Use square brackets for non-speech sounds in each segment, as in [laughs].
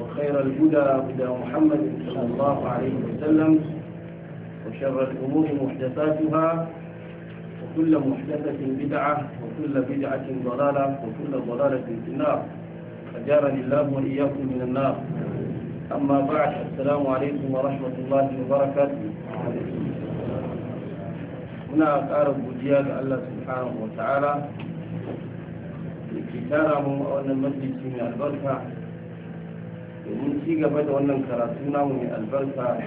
وخير الهدى هدى محمد صلى الله عليه وسلم وشر الأمور محدثاتها وكل محدثة بدعة وكل بدعة ضلالة وكل ضلالة في النار أجارني الله وإياكم من النار أما بعد السلام عليكم ورحمة الله وبركاته هنا أعرف بجيال الله سبحانه وتعالى لكي تارموا أو أن المجلس من البركة domin ci gaba da wannan karatu namu mai albarka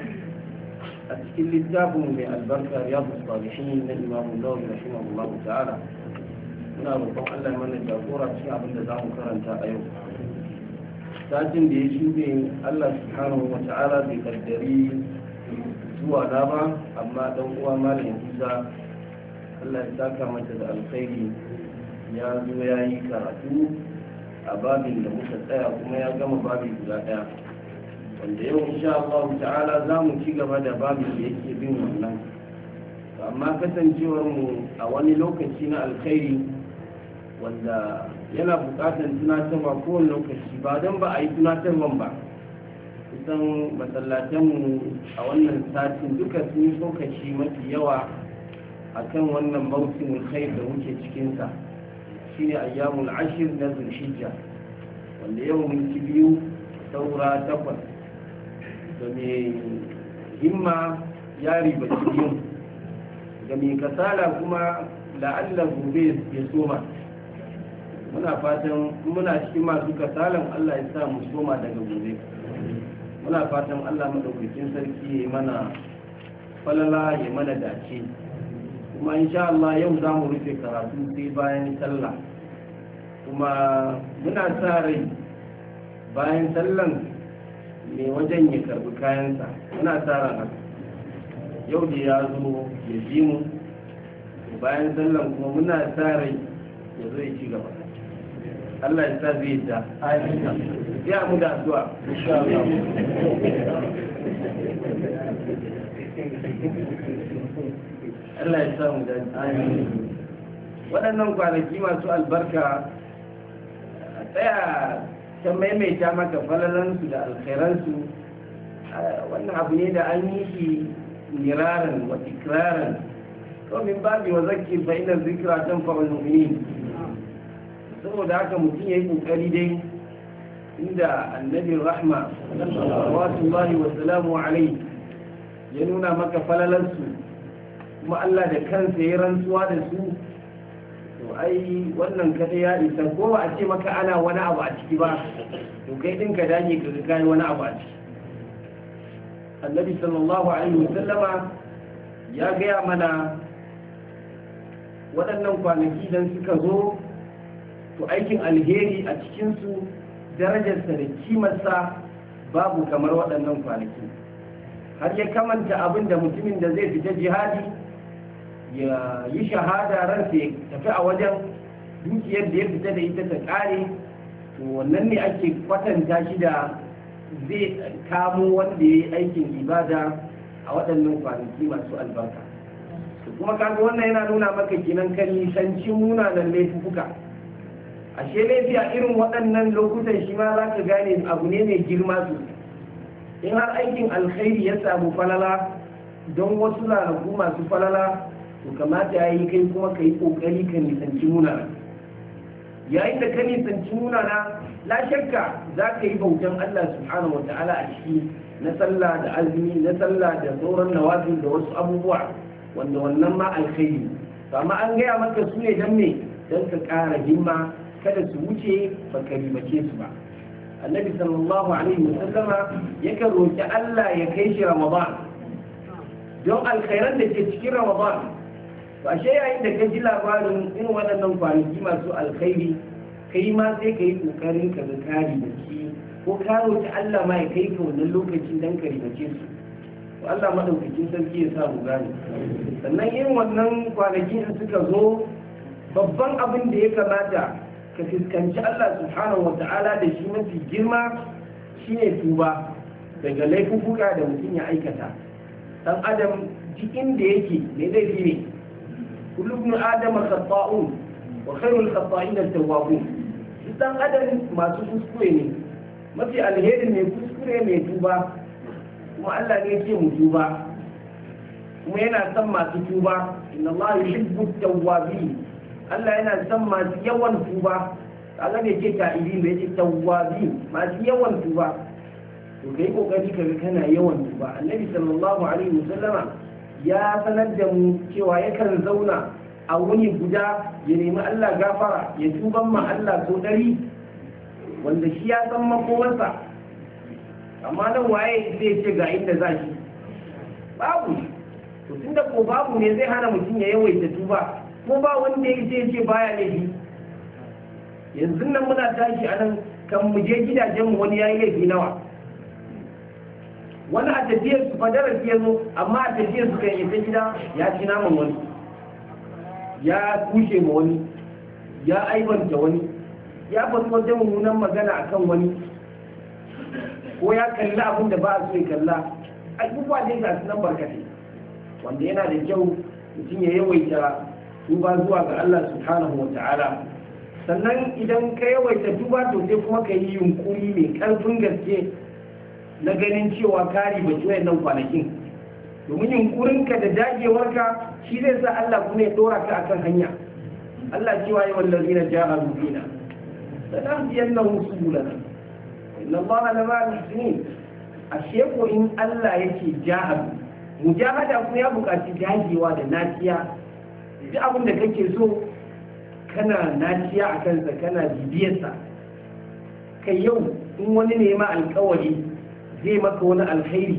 a cikin littafin mai albarka ya fuska da shi na imamu nawa da shi Allah ta'ara muna roƙon Allah mana jagora cikin abin da za mu karanta a yau satin da ya shuɗe Allah hana wa ta'ala bai kaddari zuwa na ba amma dan uwa malam yanzu Allah ya saka mata da alkhairi ya zo ya yi karatu a babin da muka tsaya kuma ya gama babin guda daya wanda yau insha Allah ta'ala za mu ci gaba da babin da yake bin wannan amma kasancewar mu a wani lokaci na alkhairi wanda yana bukatar ko kowane lokaci ba don ba a yi tunatarwan ba kusan mu a wannan satin duka sun yi tsokaci mafi yawa a kan wannan mausimin khair da muke cikinsa shine ayyamul ashir na zulhijja wanda yau ci biyu saura tabbas da me himma ya riba biyun da me kasala kuma la'alla gobe ya soma muna fatan muna cikin masu kasalan allah ya sa mu soma daga gobe muna fatan allah madaukakin sarki ya mana falala ya mana dace kuma insha Allah yau za mu rufe karatu sai bayan sallah kuma muna sa rai bayan sallan mai wajen ya karbi kayansa muna sa ran haka yau da ya zo ya ji mu bayan sallan kuma muna sa rai ya zo ya ci gaba Allah ya sa zai da ayyuka ya mu da addu'a insha Allah [laughs] Allah ya samu dace amin waɗannan kwanaki masu albarka tsaya ta maimaita maka falalansu da alkhairansu wannan abu ne da an yi shi miraran wa ikraran domin babu wa zakki fa inna zikra tanfa'ul mu'minin saboda haka mutum ya yi kokari dai inda annabi rahma sallallahu alaihi wa sallam ya nuna maka falalansu kuma Allah da kansa ya rantsuwa da su to ai wannan kada ya isa ko ba a ce maka ana wani abu a ciki ba to kai din ka dage ka ga wani abu a ciki annabi sallallahu alaihi wasallama ya gaya mana waɗannan kwanaki dan suka zo to aikin alheri a cikinsu darajarsa da kimarsa babu kamar waɗannan kwanaki har ya kamanta abin da mutumin da zai fita jihadi ya yi shahada ransa ya tafi a wajen dukiyar da ya fita da ita ta kare to wannan ne ake kwatanta shi da zai kamo wanda ya yi aikin ibada a waɗannan kwanaki masu albarka to kuma kaga wannan yana nuna maka kenan kan nisanci munanan laifuka ashe laifi a irin waɗannan lokutan shi ma za ka gane abu ne mai girma su in har aikin alkhairi ya samu falala don wasu lalaku masu falala to kamata ya yi kai kuma ka yi ƙoƙari ka nisanci munana yayin da ka nisanci munana la shakka za ka yi bautan Allah subhanahu wa ta'ala a ciki na sallah da azumi na sallah da sauran nawafin da wasu abubuwa wanda wannan ma alkhairi to amma an gaya maka su ne dan me dan ka ƙara himma kada su wuce ba ka ribace su ba annabi sallallahu alaihi wasallama yakan roki Allah ya kai shi ramadan don alkhairan da ke cikin ramadan to ashe yayin da ka ji labarin irin waɗannan kwanaki masu alkhairi kai ma sai ka yi ƙoƙarin ka ga kari da shi ko ka roƙi Allah ma ya kai ka wannan lokacin dan ka ribace su to Allah madaukakin sarki ya sa mu gane sannan irin wannan kwanaki in suka zo babban abin da ya kamata ka fuskanci Allah subhanahu wata'ala da shi mafi girma shine tuba daga laifuka da mutum ya aikata dan adam duk inda yake mai laifi ne kullu ibn adam khata'un wa khairul idan at-tawwabun dan adam masu kuskure ne mafi alheri mai kuskure mai tuba kuma Allah ne yake mu tuba kuma yana son masu tuba inna Allah yuhibbu at-tawwabin Allah yana son masu yawan tuba kaga ne ke ta'ibi mai ce tawwabi masu yawan tuba to kai kokari kaga kana yawan tuba annabi ya sanar da mu cewa yakan zauna a wuni guda ya nemi Allah gafara ya tuban ma Allah ko dari wanda shi ya san makowarsa amma nan waye zai ce ga inda za shi babu to da ko babu ne zai hana mutum ya yawaita tuba ko ba wanda ya ce ce baya laifi yanzu nan muna tashi a nan kan mu je gidajen wani ya yi laifi nawa wani a tafiyar su fadarar ya zo amma a tafiyar su kan ta gida ya ci naman wani ya kushe ma wani ya aibanta wani ya fasu wajen mummunan magana akan wani ko ya kalla abin da ba a so ya kalla abubuwa dai ga su nan barkatai wanda yana da kyau mutum ya yawaita duba zuwa ga Allah subhanahu wa ta'ala sannan idan ka yawaita duba to sai kuma ka yi yunkuri mai karfin gaske na ganin cewa kari ba ci wayannan kwanakin domin yunkurinka da dagewarka shi zai sa Allah kuma ya dora ka akan hanya Allah cewa ya wallazi na ja'a rubina sanan biyan nan musulana inna Allah la ma'a muslimin a sheko in Allah yake ja'a mujahada kuma ya buƙaci dagewa da naciya duk abin da kake so kana naciya a kansa kana bibiyarsa kai yau in wani nema ma alkawari zai maka wani alheri.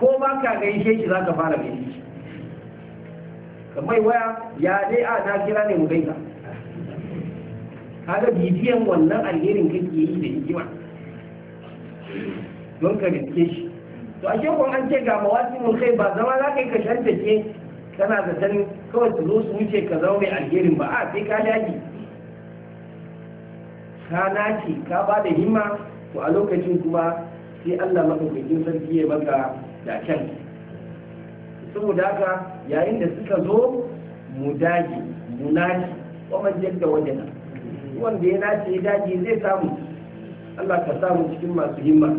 ko ba ka gaishe shi za ka fara gaishe shi kamar waya ya dai a na kira ne mu gaisa kaga bibiyan wannan alherin kake yi da hikima don ka riske shi to a shekwan an ce ga mun kai ba zama za ka yi ka ke kana da sani kawai su zo su wuce ka zama mai alherin ba a sai ka lafi ka nace ka ba da himma ko a lokacin kuma sai Allah madaukakin sarki ya maka can saboda haka yayin da suka zo mu dage mu naci kuma yadda wajen wanda ya nace ya dage zai samu Allah ka samu cikin masu himma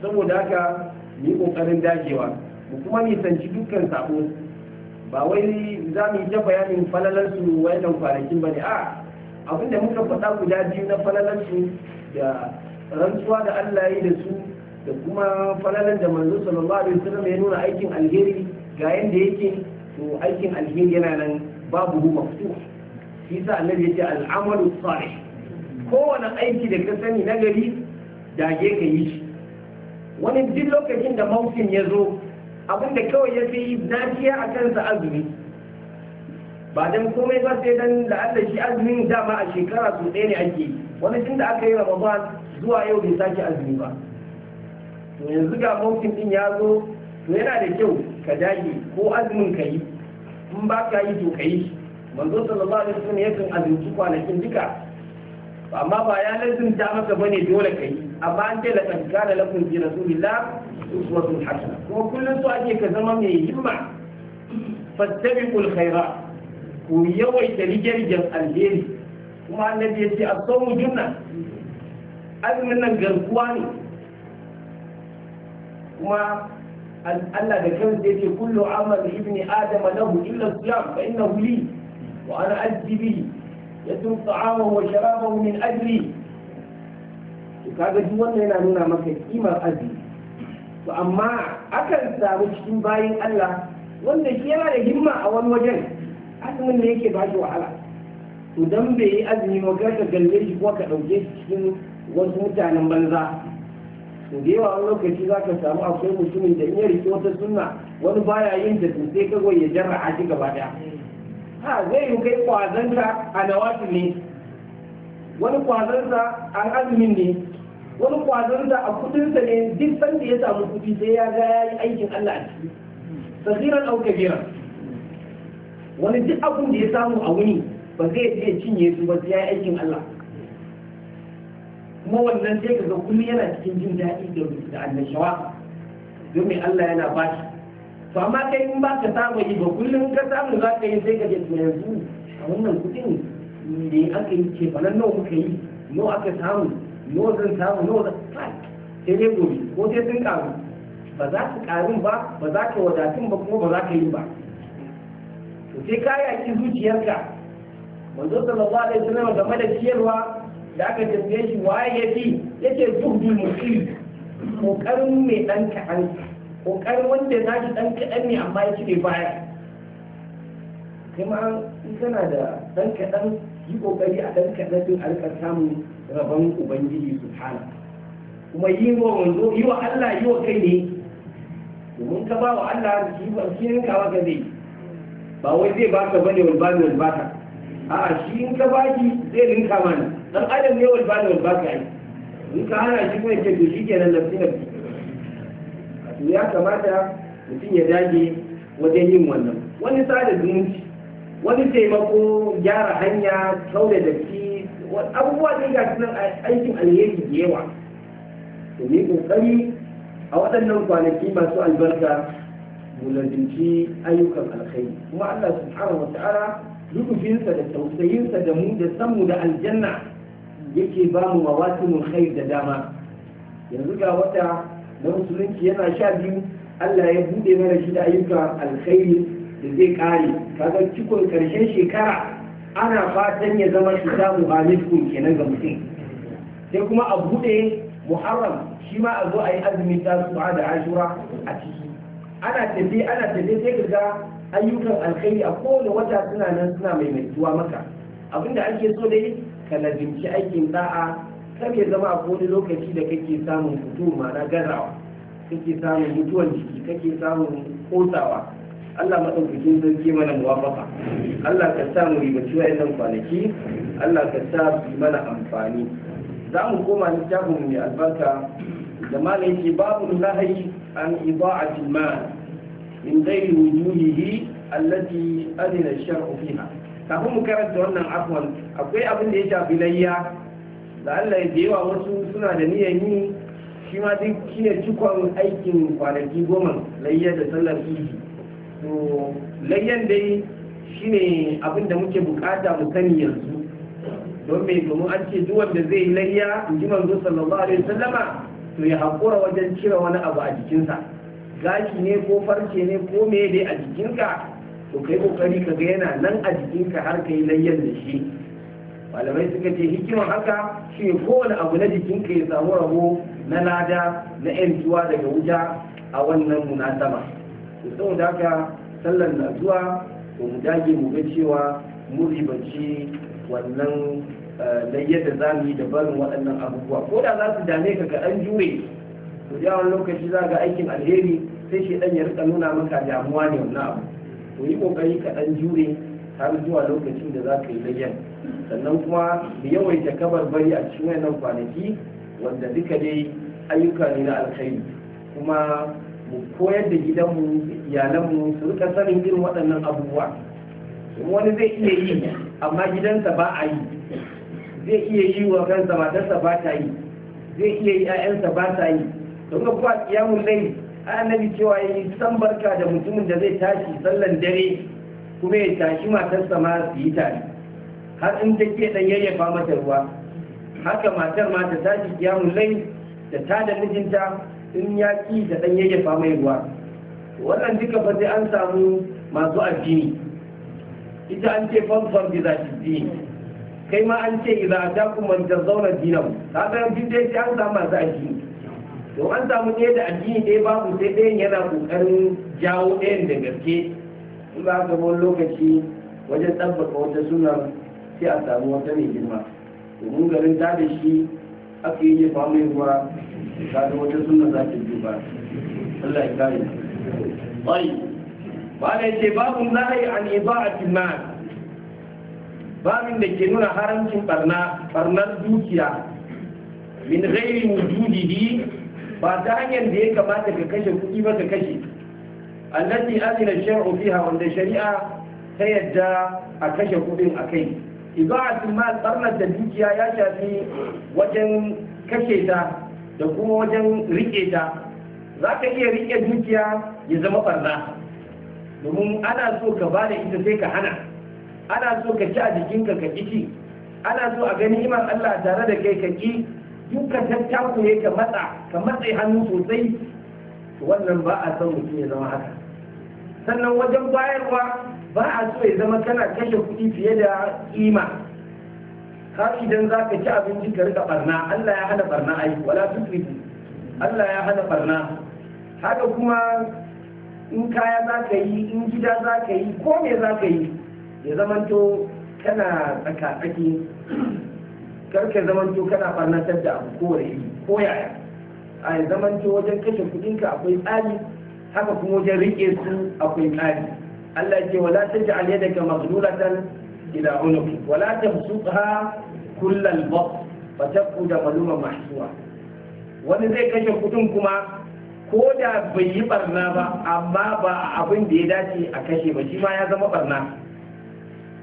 saboda haka mu yi kokarin dagewa mu kuma nisanci dukkan sabo ba wai za mu yi ta bayanin falalarsu wayannan kwanakin ba ne a abinda muka faɗa guda biyu na falalarsu da rantsuwa da Allah yi da su da kuma falalan da manzo sallallahu alaihi wasallam ya nuna aikin alheri ga yanda yake to aikin alheri yana nan babu ruwa maftu shi sa annabi yace al'amalu salih kowane aiki da ka sani na gari ke ka yi shi wani duk lokacin da mausin ya zo abinda kawai ya fi dafiya a kansa azumi ba dan komai ba sai dan da Allah shi azumin dama a shekara su ɗaya ne ake wani tun da aka yi ramadan zuwa yau bai sake azumi ba to yanzu ga mautin din ya zo to yana da kyau ka dage ko azumin ka yi in ba ka yi to ka yi manzo sallallahu alaihi wasallam yakan azumci kwanakin duka amma ba ya ta maka bane dole ka yi amma an ce kan kana lakum fi rasulillah uswatun hasana kuma kullum so ake ka zama mai himma fastabiqul khairat ku yawaita rigirgin alheri kuma annabi ya ce as-sawmu junna azumin nan garkuwa ne kuma Allah da da yake kullu amal ibni adam lahu illa siyam fa innahu li wa ana ajibi yadum ta'amahu wa min ajli to kaga duk wannan yana nuna maka kimar azumi to amma akan samu cikin bayan Allah wanda shi yana da himma a wani wajen azumin ne yake ba shi wahala to dan bai yi azumi ba ka kalle shi ko ka ɗauke shi cikin wasu mutanen banza su da yawa wani lokaci za ka samu akwai mutumin da ya riƙe wata sunna wani baya yin ta sai kawai ya jarra'a shi gaba daya ha zai yi kai kwazanta a nawatin ne wani kwazanta an azumin ne wani kwazanta a kudinsa ne duk sanda ya samu kudi sai ya ga ya yi aikin Allah a ciki sasiran au kabiran wani duk abun da ya samu a wuni ba zai iya cinye su ba sai ya yi aikin Allah kuma wannan sai kaga kullum yana cikin jin daɗi da annashawa domin Allah yana ba shi to amma kai in ba ka saba yi ba kullum ka samu za ka yi sai ka je yanzu a wannan kuɗin da aka yi ce fa nawa muka yi nawa aka samu nawa zan samu nawa zan sai dai gobe ko sai sun karu ba za ka karun ba ba za ka wadatun ba kuma ba za ka yi ba to sai ka yaki zuciyarka manzo sallallahu alaihi wasallam game da ciyarwa da aka tambaye shi waye ya fi yake zuhdul mutum kokarin mai dan kaɗan kokarin wanda za shi dan kaɗan ne amma ya cire baya kuma in kana da dan kaɗan yi kokari a dan kaɗan din alƙar samun rabon ubangiji subhana kuma yi wa wanzo yi wa Allah yi wa kai ne domin ka ba wa Allah shi ba shi ne ka maka zai ba wai zai baka bane wal bani wal bata a'a shi in ka baki zai rinka mana dan adam ne wal bada wal baka ai in ka hana shi kuma yake to shikenan nafsi a to ya kamata mutum ya dage wajen yin wannan wani sada zumunci wani taimako gyara hanya kauda da ki abubuwa ne ga sunan aikin alheri da yawa to ne kokari a waɗannan kwanaki masu albarka mu ayyukan alkhairi kuma Allah subhanahu wa ta'ala rukufinsa da tausayinsa da mu da samu da aljanna yake ba mu mawasimin khair da dama yanzu ga wata na musulunci yana sha biyu Allah ya bude mana shi da ayyuka alkhairi da zai kare kaga cikon karshen shekara ana fatan ya zama shi samu halittu kenan ga mutum sai kuma a bude muharram shi ma a zo a yi azumi ta da ashura a ciki ana tafe ana tafi sai ka ga ayyukan alkhairi a kowane wata suna nan suna maimaituwa maka abinda ake so dai ka lazimci aikin da'a kar ya zama a wani lokaci da kake samun fito ma'ana gazawa kake samun mutuwan jiki kake samun kotawa Allah maɗaukakin sarki mana muwafafa. Allah ka sa mu ribaci yanzu kwanaki Allah ka sa su mana amfani za mu koma littafin mai albarka da malam ce babu lahayi an ibaatil mal min ghairi wujuhihi allati adina shar'u fiha kafin mu karanta wannan afwan akwai abin da ya shafi layya da Allah ya jewa wasu suna da niyan yi shi ma duk ne cikon aikin kwanaki goma layya da sallar idi to layyan dai ne abin da muke bukata mu sani yanzu don me domin an ce duk wanda zai yi layya in ji manzo sallallahu alaihi wasallama to ya hakura wajen cire wani abu a jikinsa gashi ne ko farce ne ko me dai a jikinka to kai kokari ka ga yana nan a jikinka har kai layyan da shi malamai suka ce hikimar haka shi kowane abu na jikinka ya samu rabo na lada na yan zuwa daga wuta a wannan munasaba to saboda haka sallar na zuwa to mu dage mu ga cewa mu ribanci wannan eh, layyar da za mu yi da barin waɗannan abubuwa ko da za su dame ka kaɗan jure to da lokaci za ga aikin alheri sai shi ɗan ya rika nuna maka damuwa ne wannan abu to yi kokari ka jure har zuwa lokacin da za ka yi layyan sannan kuma da yawaita kabar bari a cikin wayannan kwanaki wanda duka dai ayyuka ne na alkhairi kuma mu koyar da gidanmu iyalanmu su rika sanin irin waɗannan abubuwa wani zai iya yi amma gidansa ba a yi zai iya yi wa kansa matarsa ba ta yi zai iya yi 'ya'yansa ba ta yi don ga kuwa kiyamun laifi annabi cewa yi san barka da mutumin da zai tashi sallan dare kuma ya tashi matarsa ma su yi tare har in ke dan yayyafa mata ruwa haka matar ma ta tashi kiyamun lai da ta da mijinta in ya ki da dan yayyafa mai ruwa wannan duka fa sai an samu masu addini ita an ce fanfan bi zaki dini kai ma an ce idza atakum zauna tazawna dinahu kaga duk dai an samu masu addini to an samu ɗaya da addini ɗaya babu sai ɗayan yana ƙoƙarin jawo ɗayan da gaske in ba ka wani lokaci wajen tabbata wata suna sai a samu wata mai girma domin garin ta da shi aka yi jefa mai ruwa ta da wata suna za ta duba Allah ya kare bai ba da ce babu yi an ibadatin mal babin da ke nuna haramcin barna barnar dukiya min gairi wujudihi ba ta hanyar da ya kamata ka kashe kuɗi ba ka kashe allati azina shar'u fiha wanda shari'a ta yadda a kashe kuɗin a kai ibadatul mal tsarnar da dukiya ya shafi wajen kashe ta da kuma wajen rike ta za ka iya riƙe dukiya ya zama barna domin ana so ka ba da ita sai ka hana ana so ka ci a jikinka ka ƙi ana so a gani iman Allah tare da kai ka ƙi duka tattaku ne ka matsa ka matsa hannu sosai wannan ba a son mutum ya zama haka sannan wajen bayarwa ba a so ya zama kana kashe kuɗi fiye da kima har idan za ka ci abinci ka rika barna Allah ya hana barna ai wala tukrifu Allah ya hana barna haka kuma in kaya za ka yi in gida za ka yi ko me za ka yi ya zamanto kana tsaka-tsaki karka zamanto kana farnatar da abu ko wani ko yaya a to wajen kashe kudinka akwai tsari haka kuma wajen rike su akwai tsari Allah ce wala taj'al yadaka maghlulatan ila unuki wala tabsutha kullal ba fa da maluma mahsuwa wani zai kashe kudin kuma ko da bai yi barna ba amma ba abin da ya dace a kashe ba shi ma ya zama barna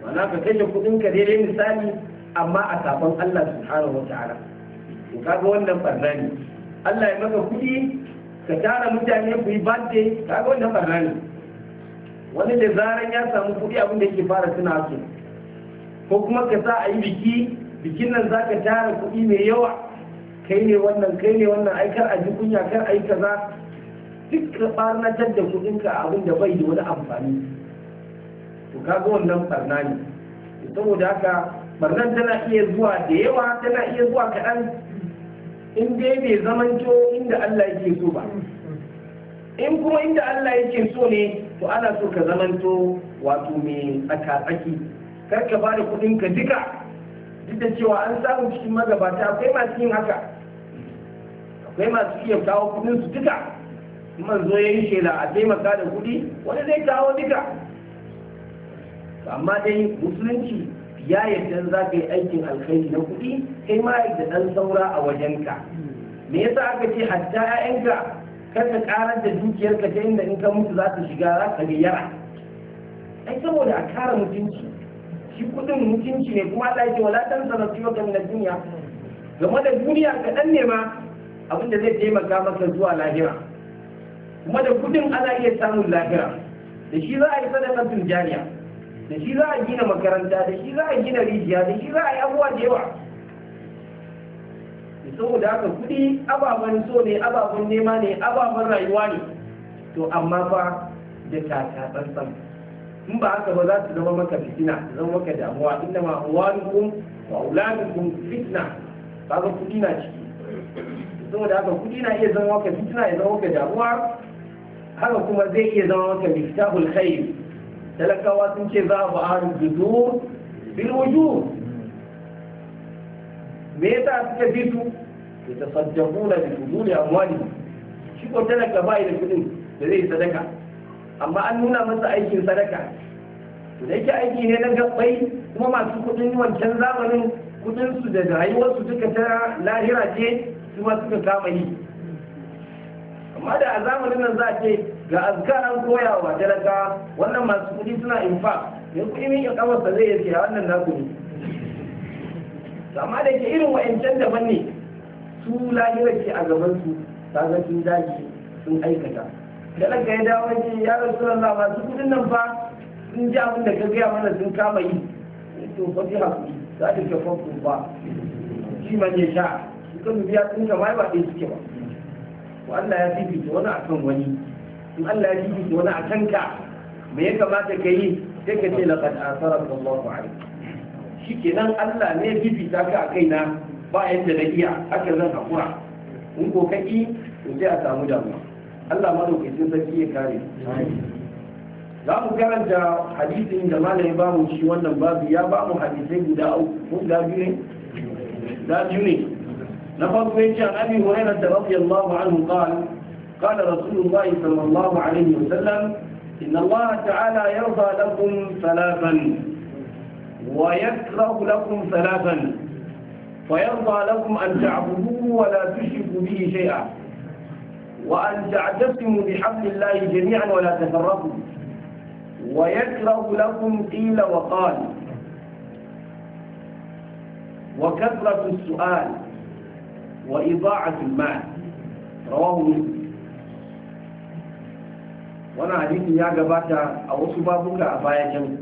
wana ka kashe kudin ka daidai misali amma a sabon Allah subhanahu wata'ala to kaga wannan barna ne Allah ya maka kuɗi ka tara mutane ku yi birthday kaga wannan barna ne wani da zaran ya samu kuɗi abin da yake fara suna su ko kuma ka sa a yi biki bikin nan za ka tara kuɗi mai yawa kai ne wannan kai ne wannan ai kar a ji kunya kar a yi kaza duk ka barnatar da a abin da bai da wani amfani to kaga wannan barna ne saboda haka barnan tana iya zuwa da yawa tana iya zuwa kaɗan in dai bai zamanto inda Allah yake so ba in kuma inda Allah yake so ne to ana so ka to wato mai tsaka-tsaki kar ka bada da kuɗinka duka duk da cewa an samu cikin magabata akwai masu yin haka akwai masu iya kawo kuɗin su duka manzo ya yi shela a taimaka da kuɗi wani zai kawo duka amma dai musulunci ya yarda za ka yi aikin alkhairi na kuɗi kai ma da ɗan saura a wajenka me yasa aka ce hatta 'ya'yanka kar ka ƙarar da dukiyarka ta inda in ka mutu za ta shiga za ka gayyara ai saboda a kara mutunci shi kuɗin mutunci ne kuma Allah yake wala tan sanatu wa min dunya game da duniya kaɗan ne nema abin da zai taimaka maka zuwa lahira kuma da kuɗin ana iya samun lahira da shi za a yi sadaqatul jariya da shi za a gina makaranta da shi za a gina rijiya da shi za a yi abuwa da yawa saboda haka kudi ababen so ne ababen nema ne ababen rayuwa ne to amma fa da sam in ba haka ba za su zama maka fitina su zama maka damuwa inda ma uwanukum wa fitina ba ga kudi na ciki saboda haka kudi na iya zama maka fitina ya zama maka damuwa haka kuma zai iya zama maka miftahul khair talakawa sun ce za a ba arin jidur bil wujud me sa suka fito ya tasaddaquna bi amma ne shi ko talaka bai da kudin da zai sadaka amma an nuna masa aikin sadaka to da yake aiki ne na gabbai kuma masu kudin wancan zamanin kuɗinsu da rayuwarsu duka ta lahira ce su ma suka kama yi amma da a zamanin nan za a ce ga azka an koya wa talaka wannan masu kudi suna infa mai kudi min in kamarsa zai yake a wannan na ne amma da ke irin wa'ancan da ne su lahira ce a gaban su kaga sun daji sun aikata talaka ya dawo ne ya rasu lalla masu kudin nan fa sun ji abin da ka gaya mana sun kama yi to fa ji hakuri za ta kafa ba shi man ya sha kan biya sun kama ba ɗaya suke ba to Allah ya fifita wani akan wani in Allah ya fifita wani akan ka me ya kamata ka yi sai ka ce laqad asara Allahu shi shikenan Allah ne ya fifita ka a kaina ba yadda na iya haka zan hakura in ko ka yi to sai a samu damuwa Allah ma madaukakin sai ya kare za mu karanta hadisin da malam ya mu shi wannan babu ya ba mu hadisai guda uku guda biyu ne da biyu ne نقل بيت عن أبي هريرة رضي الله عنه قال قال رسول الله صلى الله عليه وسلم إن الله تعالى يرضى لكم ثلاثا ويكره لكم ثلاثا فيرضى لكم أن تعبدوه ولا تشركوا به شيئا وأن تعتصموا بحبل الله جميعا ولا تفرقوا ويكره لكم قيل وقال وكثرة السؤال وإضاعة المال رواه مسلم wannan hadisin ya gabata a wasu babuka a baya yau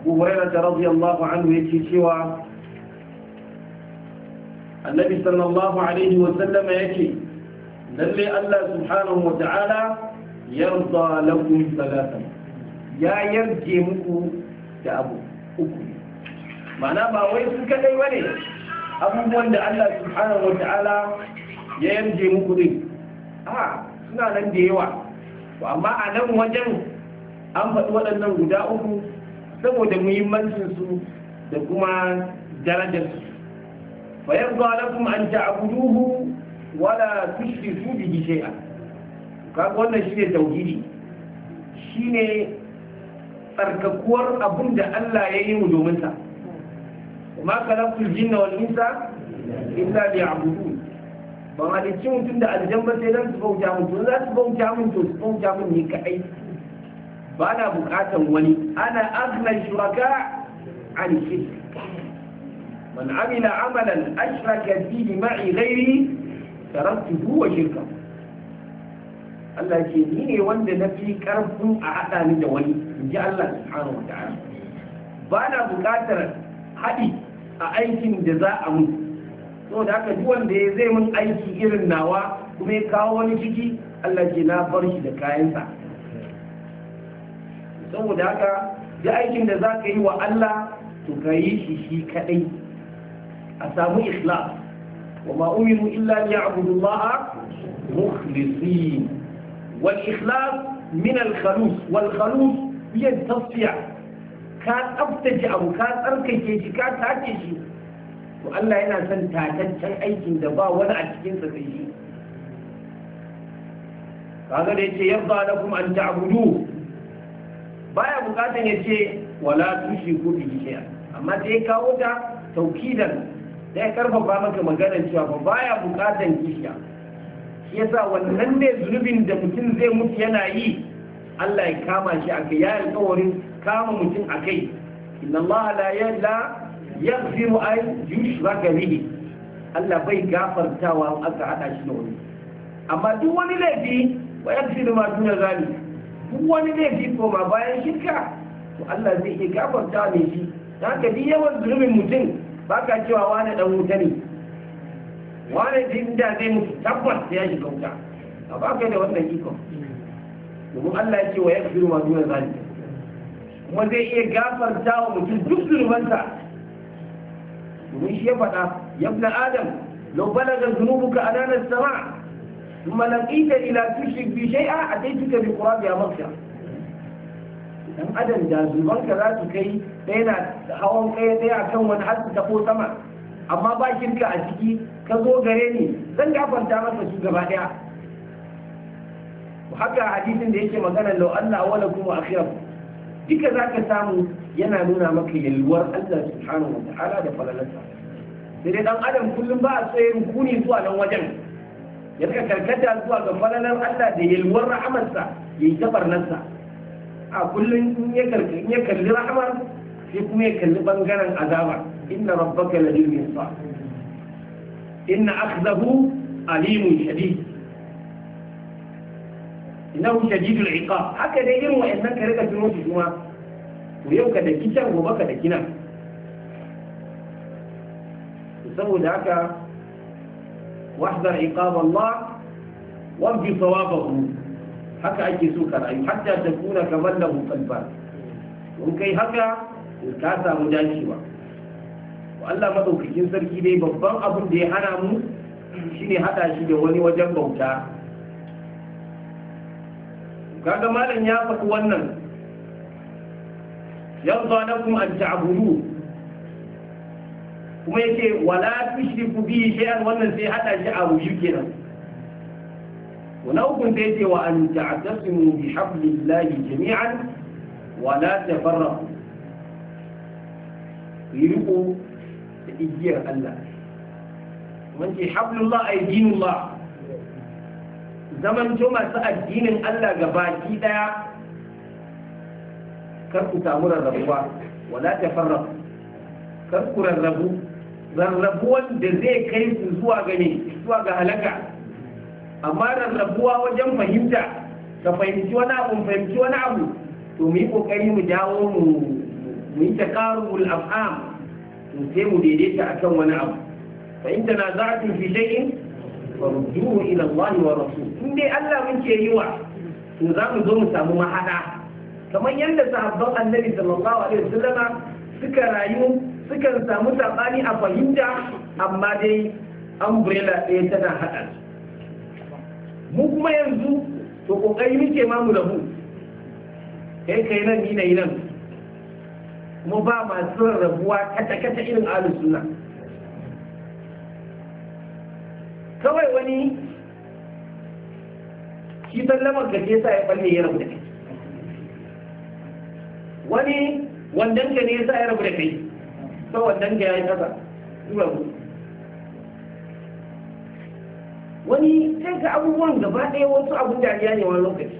abu hurairah radiyallahu anhu yake cewa annabi sallallahu alaihi wa sallam yake lalle Allah subhanahu wa ta'ala yarda lakum salatan ya yarje muku da abu uku ma'ana ba wai su kadai bane abubuwan da Allah subhanahu wa ta'ala ya yarje muku din a suna nan da yawa to amma a nan wajen an faɗi waɗannan guda uku saboda muhimmancin su da kuma darajar su fa yanzu alaikum an ta'buduhu wala tushriku bihi shay'a kaga wannan shine tauhidi shine tsarkakuwar abun da Allah ya yi mu domin sa ma khalaqtul jinna wal insa illa liya'budun ba ma da cin mutum da aljan ba sai dan su bauta mun to za su bauta mun to su bauta mun ne kadai ba na bukatan wani ana aghna shuraka an shirk man amila amalan ashraka fihi ma'i ghairi taraktuhu wa shirka Allah ce ni ne wanda na fi karfin a haɗa ni da wani in ji Allah subhanahu wa ta'ala ba na buƙatar haɗi a aikin da za a mutu da aka duk wanda ya zai mun aiki irin nawa kuma ya kawo wani ciki Allah ke na bar shi da kayansa saboda haka da aikin da za ka yi wa Allah to ka yi shi shi kadai a samu ikhlas wa ma umiru illa liya'budu Allah mukhlisin wal ikhlas min al khalus wal khalus biyan tasfiya ka tsaftace abu ka tsarkake shi ka tace shi to Allah yana son tataccen aikin da ba wani a cikin sa zai yi kaga da yace yabba lakum an ta'budu baya bukatan yace wala tushriku bihi shay'a amma sai kawo ta taukidan ya karfafa maka maganar cewa ba baya bukatan kishiya shi yasa wannan ne zunubin da mutum zai mutu yana yi Allah ya kama shi a ya alƙawarin kama mutum a kai inna Allah la yalla yaghfiru an yushraka bihi Allah bai gafartawa aka hada shi da wani amma duk wani laifi wa yaghfiru ma duniya zali, duk wani laifi ko ma bayan shirka to Allah zai iya gafarta mai shi haka duk yawan zulumin mutum baka cewa wani dan wuta ne wani din da zai mutu tabbas ya shiga wuta ba ka da wannan ikon domin Allah ya ce wa yaghfiru ma duna zalika kuma zai iya gafarta wa mutum duk zurbanta domin shi ya faɗa ya fi adam lau balaga zunubuka a ranar sama ثم a a تشرك tuka شيئا أتيتك biya maka dan adam da zubanka za su kai ɗaya na hawan ɗaya ɗaya a kan wani hasu su tafo sama amma ba shirka a ciki ka zo gare ni zan gafanta masa su gaba ɗaya haka hadisin da yake magana lau Allah wala kuma akhirakum duka za ka samu yana nuna maka yalwar Allah subhanahu wa ta'ala da falalarsa sai dai dan adam kullum ba a tsayin kuni zuwa nan wajen ya rika karkata zuwa ga falalar Allah da yalwar rahamarsa ya yi tabarnarsa a kullum in ya kalli rahamar sai kuma ya kalli bangaren azaba inna rabbaka ladil mirsad inna akhdahu alimun shadid innahu shadidul iqab haka dai irin wa'annan ka rika tuno su kuma to yau ka daki can gobe ka daki nan saboda haka wahdar iqab Allah wabbi sawabahu haka ake so ka rayu hatta ta kuna kamar lahu qalban in kai haka ka samu dacewa Allah madaukakin sarki dai babban abin da ya hana mu shine hada shi da wani wajen bauta kaga malam ya faɗi wannan yarda lakum an ta'budu kuma yake wala tushriku bihi shay'an wannan sai haɗa shi a wuyu kenan wala hukun da yake wa an ta'tasimu bi hablillahi jami'an wala fara yirku da igiyar Allah mun ce hablullah ay dinullah zaman masu addinin Allah ga baki daya kar ku samu rarrabuwa wala ta farrab kar ku rarrabu rarrabuwan da zai kai su zuwa ga zuwa ga halaka amma rarrabuwa wajen fahimta ka fahimci wani abu fahimci wani abu to mu yi kokari mu dawo mu mu yi taqarubul afham to sai mu daidaita akan wani abu fa na tanaza'tum fi shay'in farduhu ila Allah wa rasul in dai Allah muke yi wa to za mu zo mu samu mahada kamar yadda sahabban annabi sallallahu alaihi wasallam suka rayu suka samu sabani a fahimta amma dai umbrella ɗaya tana haɗa mu kuma yanzu to kokari muke ma mu rabu kai kai na ni nan kuma ba masu rabuwa kata kata irin ahlus sunna kawai wani shi sallamar gaje sa ya balle ya rabu da kai wani wandan ka ne sa ya rabu da kai sau wandan ka ya yi kasa zuwa wani kai ka abubuwan gaba ɗaya wasu abun dariya ne wani lokaci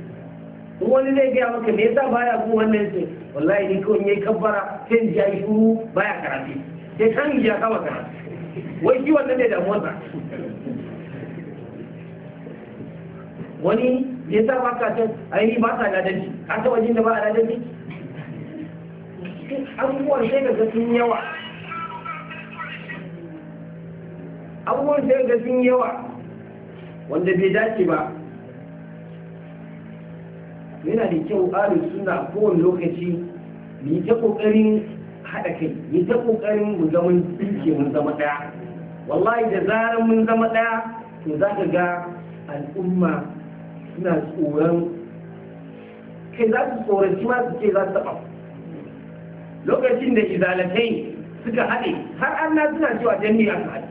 wani zai gaya maka me yasa baya ku wannan sai wallahi ni kawai yayi kabbara sai ji yayi shuru baya karatu sai kan ya kama karatu wai shi wannan ne damuwarsa wani ya sa ba ka san ainihi ba sa ladanci a ta wajen da ba a ladanci abubuwan sai ga sun yawa abubuwan sai ga sun yawa wanda bai dace ba yana da kyau ƙarin suna kowane lokaci mu yi ta ƙoƙarin haɗa kai mu yi ta ƙoƙarin mu zama ɗinke mun zama ɗaya wallahi da zarar mun zama ɗaya to za ka ga al'umma suna tsoron kai za su tsoraci ma su ce za su taɓa lokacin da izalatai suka haɗe har an na suna cewa jan ne aka haɗe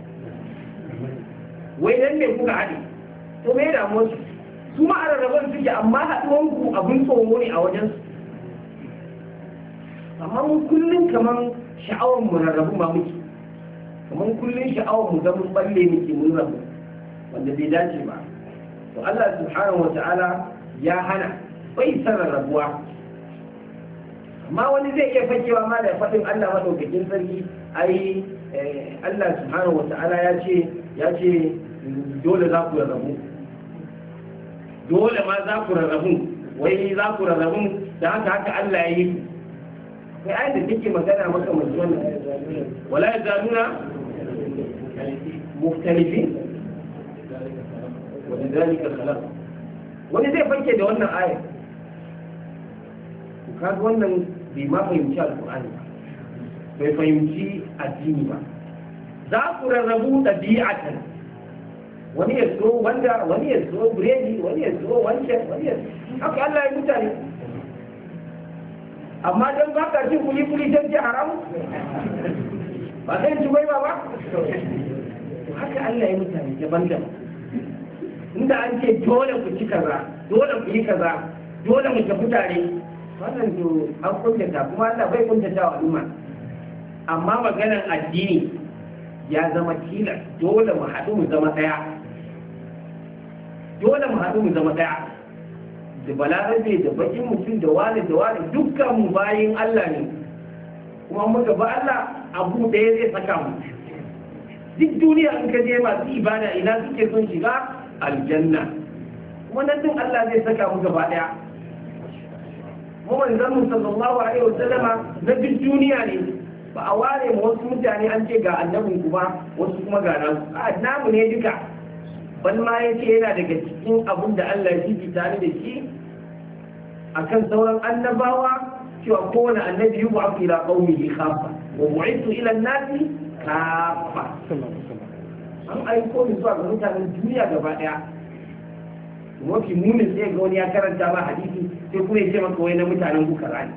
wai nan ne kuka haɗe to me da su su ma a rarraban suke amma haɗuwan ku abin tsoro ne a wajen su amma mun kullum kamar sha'awar mu rarrabu ma muke kamar kullum sha'awar mu zama balle muke mun rabu wanda bai dace ba to Allah subhanahu wata'ala ya hana bai sanar rabuwa amma wani zai iya fakewa ma da faɗin Allah madaukakin sarki ai eh, Allah subhanahu wata'ala ya ce ya ce dole za ku rarrabu dole ma za ku rarrabu wai za ku rarrabu da haka haka Allah ya yi kai ayin da take magana maka mai wannan wala ya yazaluna mukhtalifin lidhalika khalaq wani zai fanke da wannan aya ku kaga wannan bai ma fahimci Alƙur'ani ba bai fahimci addini ba za ku rarrabu ɗabi'a ɗabi'atan wani ya so wanda wani ya so biredi wani ya so wancan wani ya haka Allah ya mutane amma don ba ka jin kuli kuli don ji haram ba zai ci gwaiwa ba haka Allah ya mutane daban daban inda an ce dole ku ci kaza dole ku yi kaza dole mu tafi tare wannan to an kuntata kuma Allah bai kuntata wa al'umma amma maganar addini ya zama kila dole mu haɗu mu zama ɗaya dole mu haɗu mu zama ɗaya da balarabe da bakin mutum da wani da wani dukkan mu bayin Allah ne kuma muka ba Allah abu ɗaya zai saka mu duk duniya in ka je masu ibada ina suke son shiga aljanna kuma nan din Allah zai saka mu gaba daya mu manzon mu sallallahu alaihi wasallama na duk duniya ne ba a ware mu wasu mutane an ce ga annabin ku ba wasu kuma ga nan a namu ne duka ban ma yace yana daga cikin abin da Allah ya fifita tare da shi akan sauran annabawa cewa kowane annabi yubu ila qaumihi khafa wa bu'ithu ila an-nasi kafa an aiko ni zuwa ga mutanen duniya gaba daya mafi munin sai ga wani ya karanta ba hadisi sai kuma ya ce maka wai na mutanen bukara ne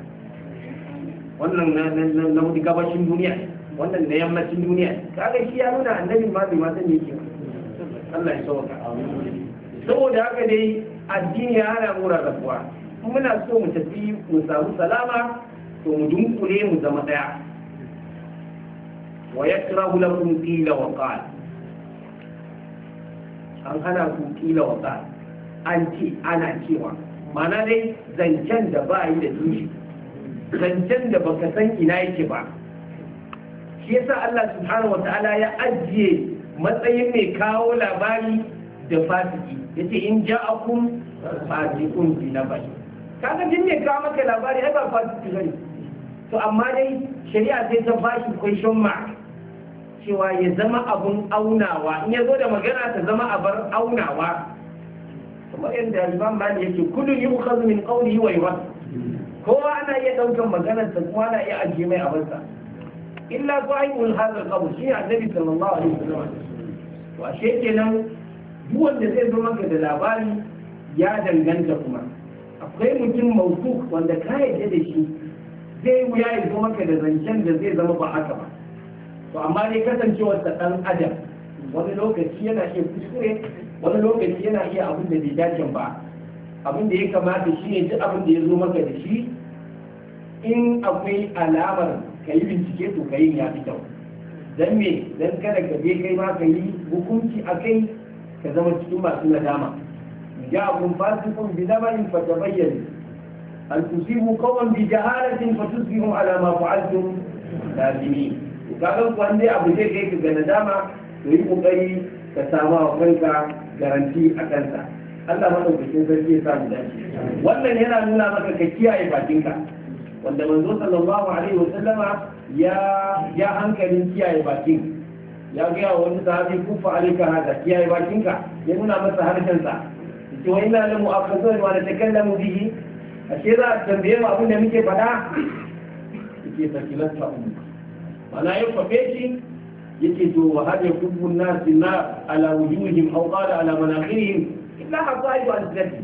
wannan na wani gabashin duniya wannan na yammacin duniya kaga shi ya nuna annabi ba bai ma sani yake Allah ya sauka saboda haka dai addini ya hana mu rarrabuwa muna so mu tafi mu samu salama to mu dunkule mu zama daya wa yakrahu lakum qila wa qala an hana ku kila an ce ana cewa mana dai zancen da ba yi da tushe zancen da baka san ina yake ba shi yasa Allah subhanahu ta'ala ya ajiye matsayin mai kawo labari da fasiki yace in ja'akum fasikun bi kaga din mai kawo maka labari ai ba fasiki bane to amma dai shari'a sai ta bashi question mark cewa ya zama abun aunawa in ya zo da magana ta zama abar aunawa kamar yadda imam mali yake yi yukhadhu min qawlihi wa kowa ana iya daukan maganar ta kuma ana iya ajiye mai abinsa illa sahibul hadha al-qawl shi annabi sallallahu alaihi wasallam to ashe kenan duk wanda zai zo maka da labari ya danganta kuma akwai mutum mautu wanda ka yadda da shi zai wuya ya zo maka da zancen da zai zama ba haka ba to amma dai kasancewar da dan adam wani lokaci yana iya kuskure wani lokaci yana iya abin da bai dace ba abin da ya kamata shi ne duk abin da ya zo maka da shi in akwai alamar ka yi bincike to ka yi ya fi kyau dan me dan kada ka je kai ma ka yi hukunci a kai ka zama cikin masu nadama ya abun fasikun bi zamanin fata bayyana al tusibu kawan bi jaharatin fa ala ma fa'altum lazimi. kaga wanda abu zai kai ka gane dama to yi kokari ka samu wa kanka garanti a kansa Allah madaukakin sarki ya samu dace wannan yana nuna maka ka kiyaye bakinka wanda manzo sallallahu alaihi wa sallama ya ya hankalin kiyaye bakin ya ga wani sahabi kufa alika hada kiyaye bakinka ya nuna masa harshen sa ce wa inna lamu akhazun wa takallamu bihi ashe za a tambaye mu abin da muke faɗa yake sakilatta umma mana ya fafe shi yake to wa hada kubbun nas na ala wujuhihim aw qala ala manakhirihim illa hadaidu an zati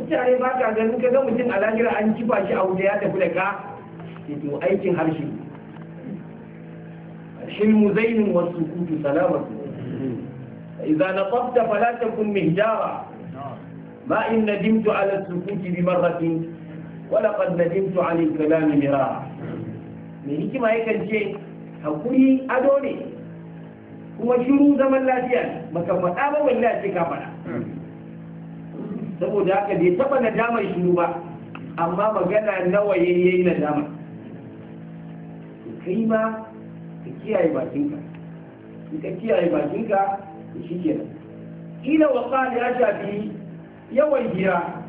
mutane ba ka ganin ka ga mutum a lahira an kifa shi a wuta ya tafi da ka to aikin harshe الحلم زين والسكوت سلامة إذا نطقت فلا تكن مهجارا ما إن ندمت على السكوت بمرة ولقد ندمت عن الكلام مرارا mai hikima ya ce hakuri ado ne kuma shiru zaman lafiya baka faɗa ba wani sai ka faɗa saboda haka bai taɓa nadamar shiru ba amma magana nawa ya yayi nadama kai ma ka kiyaye bakinka in ka kiyaye bakinka shi kenan ila tsari ya shafi yawan hira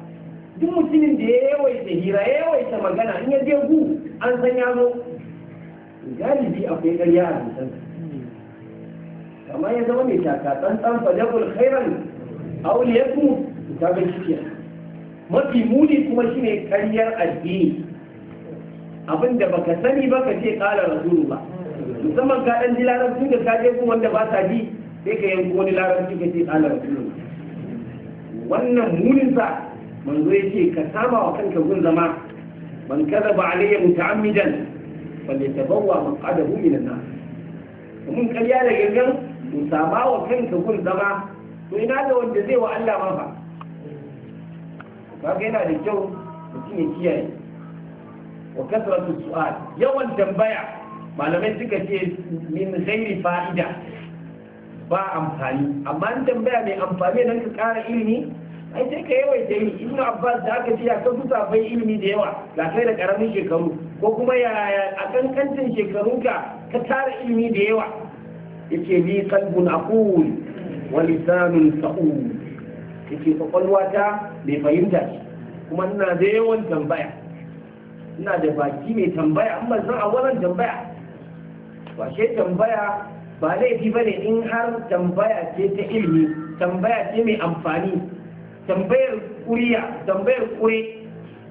duk mutumin da ya yawaita hira ya yawaita magana in ya je gu an san ya zo galibi akwai ƙarya a dutsen kamar ya zama mai taka tsantsan fadabul khairan auliyatu ta ga shi mafi muni kuma shi ne ƙaryar addini abinda baka sani ba ka ce ƙara rasulu ba musamman ka ɗan ji larabci da ka je wanda ba sa ji sai ka yanko wani larabci ka ce ƙara rasulu wannan muninsa manzo ya ce ka sama wa kanka gun zama man kaza ba alayya muta'ammidan falitabawa tabawwa maqadahu min an nas mun ƙarya da gangan to sabawa wa kanka gun zama to ina da wanda zai wa Allah ma fa kaga yana da kyau mutum ya kiyaye wa kasratu su'al yawan tambaya malamai suka ce min ghairi fa'ida ba amfani amma an tambaya mai amfani nan ka ƙara ilimi ai sai ka yawaita yi ibnu abbas da aka ce ya ka bai ilimi da yawa ga kai da karamin shekaru ko kuma yaya a kankancin shekarunka ka tara ilimi da yawa yake bi kalbun aqul wa lisanun sa'ul yake ta mai fahimta kuma ina da yawan tambaya ina da baki mai tambaya amma zan a wannan tambaya ba she tambaya ba laifi ba ne in har tambaya ce ta ilimi tambaya ce mai amfani tambayar kuriya tambayar kure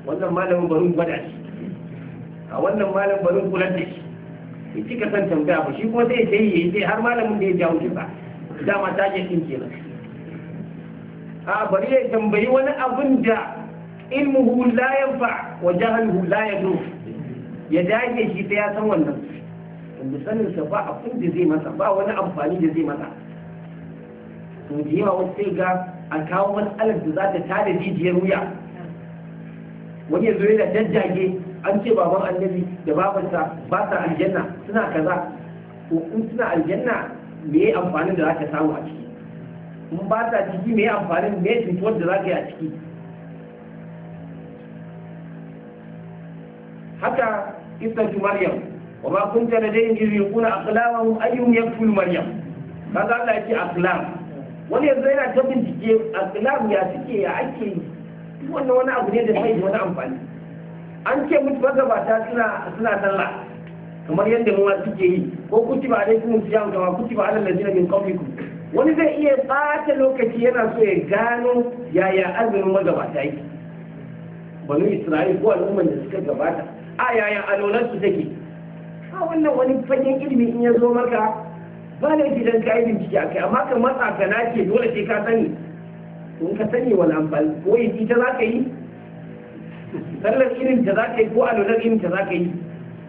wannan malamin bari gwada shi a wannan malam barin kulan da shi ya cika san tambaya ba shi kuma sai ya yi sai har malamin da ya jawo shi ba dama ta ke din kenan a bari ya tambayi wani abin da ilmuhu la yanfa wa jahaluhu la yadu ya dage shi ta ya san wannan inda sanin sa ba abin da zai masa ba wani amfani da zai masa to da yawa wasu ga a kawo wani alif da za ta tada jijiyar wuya wani ya zo yana jajjage an ce baban annabi da babansa ba sa aljanna suna kaza to in suna aljanna me amfanin da za ka samu a ciki in ba sa ciki me amfanin me cutuwar da ka yi a ciki haka ki maryam wa ma kunta ladayhim iz yuquna aqlamahum ayyuhum yakful maryam za ka yake aqlam wani yanzu yana ta bincike aqlam ya suke ya ake wannan wani abu ne da sai wani amfani an ce mutu magabata suna suna sallah kamar yadda mu suke yi ko kutiba alaikum siyam kama kutiba alal ladina min qablikum wani zai iya bata lokaci yana so ya gano yaya azumin magabata yake banu isra'il ko al'umman da suka gabata a yaya alolan su take a wannan wani fagen ilimi in ya zo maka ba na gidan ka yi bincike a kai amma ka matsa ka nace dole sai ka sani in ka sani wani amfani ko ita za ka yi sallar irin ta za ka yi ko alwadar irin ta za ka yi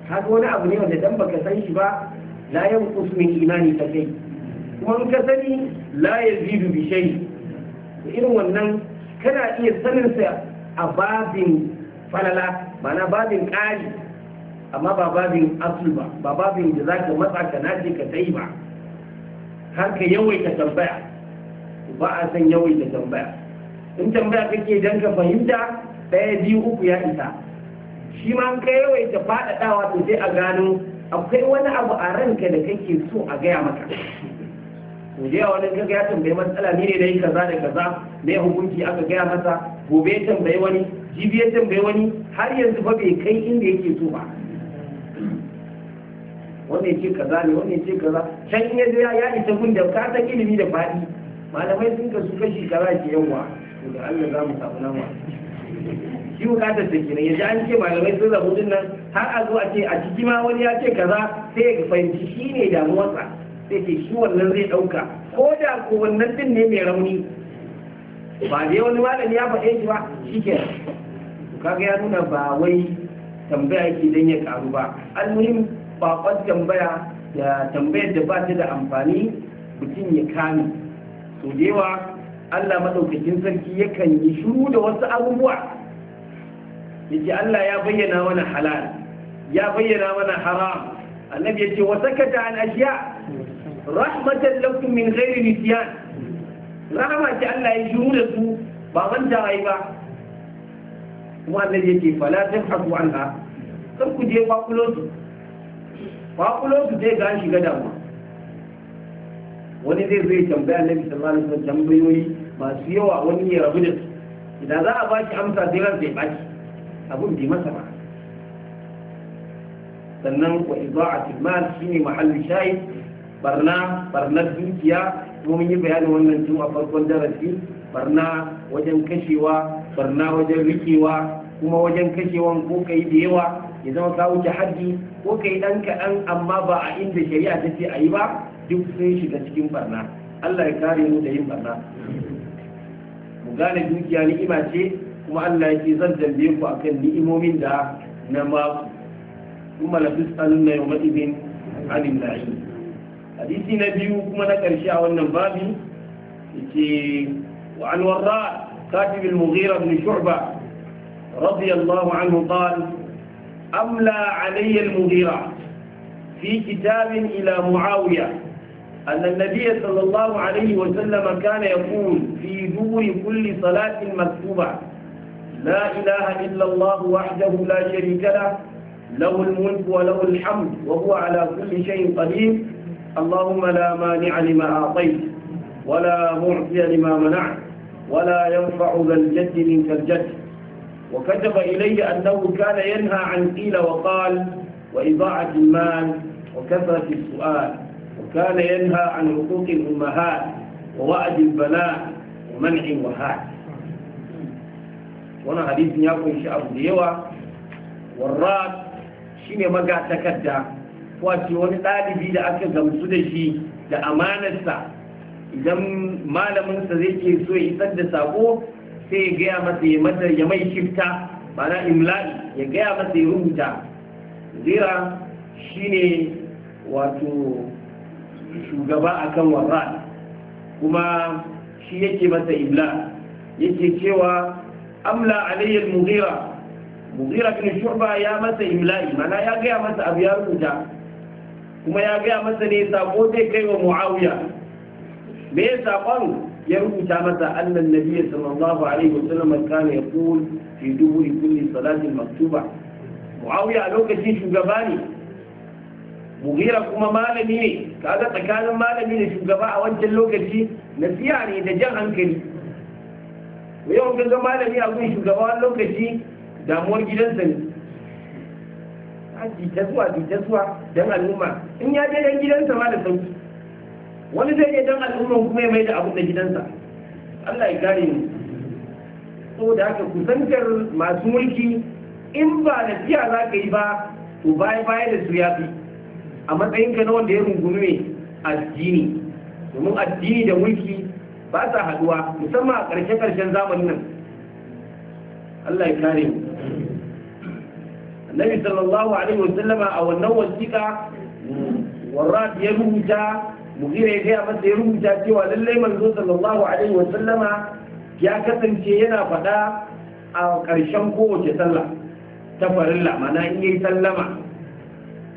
ga wani abu ne wanda dan baka san shi ba la yanqus min imani ta kai kuma in ka sani la yazidu bi shay irin wannan kana iya sanin sa a babin falala ba na babin ƙari amma ba babin asul ba ba babin da za ka matsa ka nace ka sai ba har ka yawaita tambaya ba a san yawaita tambaya in tambaya kake dan ka fahimta ɗaya biyu uku ya isa shi ma ka yawaita faɗaɗawa to sai a gano akwai wani abu a ranka da kake so a gaya maka to da wani kaga ya tambayi matsala ni ne dai kaza da kaza me hukunci aka gaya masa gobe ya tambayi wani jibi ya tambayi wani har yanzu fa bai kai inda yake so ba wannan ce kaza ne wannan ce kaza can in yanzu ya isa gun da ka san ilimi da faɗi malamai sun su kashi kaza ke yawa to da Allah za mu samu nama shi ta da kenan yanzu an ce malamai sun rabu nan har a zuwa ce a ciki ma wani ya ce kaza sai ya fahimci shi ne damuwarsa sai ke shi wannan zai ɗauka ko da ko wannan din ne mai rauni ba da wani malami ya faɗe shi ba shi ke kaga ya nuna ba wai tambaya yake don ya karu ba almuhim bakon tambaya da tambayar da ba ta da amfani mutum ya kame sau da yawa Allah maɗaukakin sarki yakan yi shiru da wasu abubuwa yace Allah ya bayyana mana halal ya bayyana mana haram annabi ce wa sakata an ashiya rahmatan lakum min ghairi nisyan rahama ce Allah ya shiru da su ba ta ai ba kuma annabi yace fala tabhaku anha kar ku je kwakulo su kwakulo su sai ga shiga damuwa wani zai zai tambaya annabi sallallahu alaihi wasallam tambayoyi masu yawa wani ya rabu da su idan za a baki amsa sai ran zai baki abun bi masa ba sannan wa idza'atul mal shine mahalli shayi barna barnar dukiya kuma mun yi bayani wannan tun a farkon darasi barna wajen kashewa barna wajen rikewa kuma wajen kashewan ko kai da yawa ya zama ka wuce haji ko kai dan kaɗan amma ba a inda shari'a ta ce a yi ba duk sun shiga cikin barna Allah ya kare mu da yin barna gane dukiya ni'ima ce kuma Allah yake ce zan tambaye ku akan ni'imomin da na ma kuma la tusaluna yawma idin anil na'im hadisi na biyu kuma na karshe a wannan babi yake wa an warra katib al-mughira ibn shu'ba radiyallahu anhu qala amla alayya al-mughira fi kitabin ila muawiya أن النبي صلى الله عليه وسلم كان يقول في دور كل صلاة مكتوبة لا إله إلا الله وحده لا شريك له له الملك وله الحمد وهو على كل شيء قدير اللهم لا مانع لما أعطيت ولا معطي لما منعت ولا ينفع ذا الجد منك الجد وكتب إلي أنه كان ينهى عن قيل وقال وإضاعة المال وكثرة السؤال كان ينهى عن حقوق الأمهات ووعد البنات ومنع الوهات وانا حديث يقول شعب ديوة والرات شيني مقا تكدى واتي وانا ɗalibi da aka gamsu da shi da amanarsa idan malaminsa zai ke so ya isar da sako sai ya gaya masa ya mai shifta mana imla'i ya gaya masa ya rubuta zira shine wato shugaba akan wasa kuma shi yake masa ibla yake cewa amla alayya al-mughira mughira bin shu'ba ya masa imla'i mana ya gaya masa abu ya rubuta kuma ya gaya masa ne sako zai kai wa muawiya me ya sakon ya rubuta masa annan nabi sallallahu alaihi wasallam kana yaqul fi duburi kulli salatin maktuba muawiya a lokacin shugaba ne mugira kuma malami ne kaga tsakanin malami da shugaba a wancan lokaci nasiha ne da jan hankali yau ga malami a gun shugaba wani lokaci damuwar gidansa ne a jita zuwa jita zuwa don al'umma in ya je dan gidansa ma da sauki wani zai je dan al'umma kuma ya mai da abun da gidansa Allah ya kare mu da haka kusantar masu mulki in ba da fiya za ka yi ba to baya baya da su ya fi a matsayinka na wanda ya rungume addini domin addini da mulki ba sa haduwa musamman a ƙarshe-ƙarshen zamanin nan Allah ya kare mu annabi sallallahu alaihi wasallama a wannan wasiƙa warrad ya rubuta mugira ya gaya masa ya rubuta cewa lallai manzo sallallahu alaihi wasallama ya kasance yana faɗa a ƙarshen kowace sallah ta farilla mana in yi sallama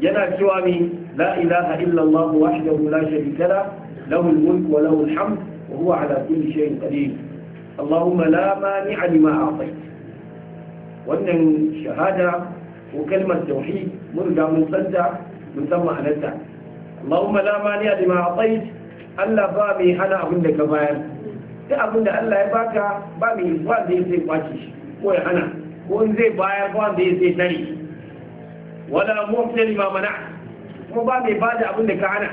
yana cewa mai لا إله إلا الله وحده لا شريك له له الملك وله الحمد وهو على كل شيء قدير اللهم لا مانع لما أعطيت وأن شهادة وكلمة توحيد مرجع من صدع من ثم أنت اللهم لا مانع لما أعطيت ألا بامي أنا أبن كبير da abin da Allah ya baka ba mai ba da zai kwace shi ko ya hana ko in zai bayar ba da zai tare wala mu'til ma mana kuma ba mai ba da abin da ka hana